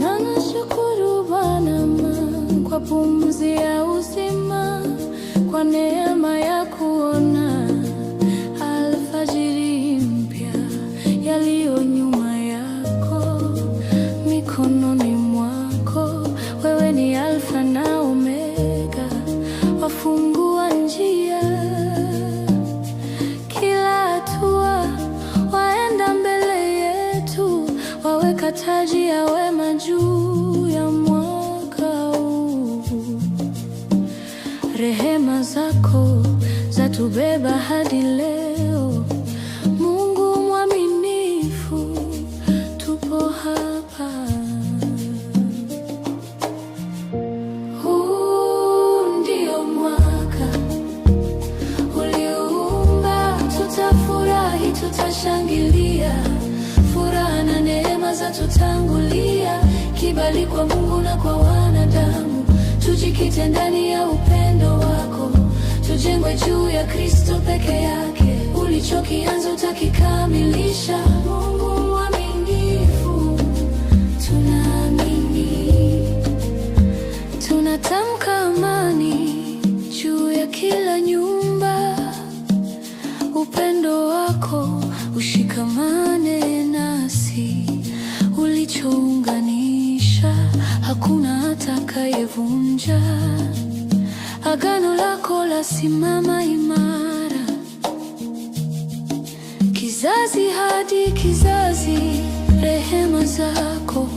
na nashukuru Bwana kwa pumzi ya uzima kwa neema Nimeweka taji ya wema juu ya mwaka huu. Rehema zako zatubeba hadi leo. Mungu mwaminifu, tupo hapa. ndio mwaka uliumba, tutafurahi, tutashangilia kinachotangulia kibali kwa Mungu na kwa wanadamu. Tujikite ndani ya upendo wako, tujengwe juu ya Kristo peke yake. Ulichokianza utakikamilisha. Mungu mwaminifu, tunaamini. Tunatamka amani juu ya kila nyumba, upendo wako hakuna atakayevunja agano lako la simama imara, kizazi hadi kizazi, rehema zako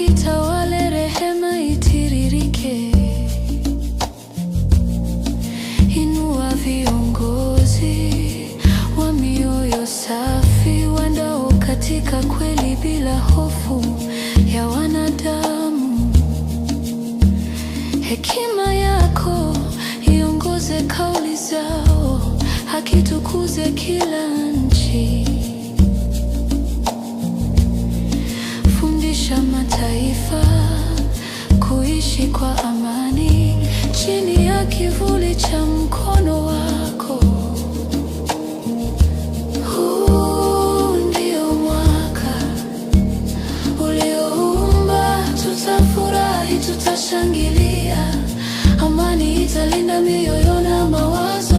ikitawale, rehema itiririke. Inua viongozi wa mioyo safi, wandao katika kweli bila hofu ya wanadamu. Hekima yako iongoze kauli zao, hakitukuze kila nchi kuunganisha mataifa, kuishi kwa amani chini ya kivuli cha mkono wako. Huu ndio mwaka ulioumba, tutafurahi, tutashangilia, amani italinda mioyo na mawazo.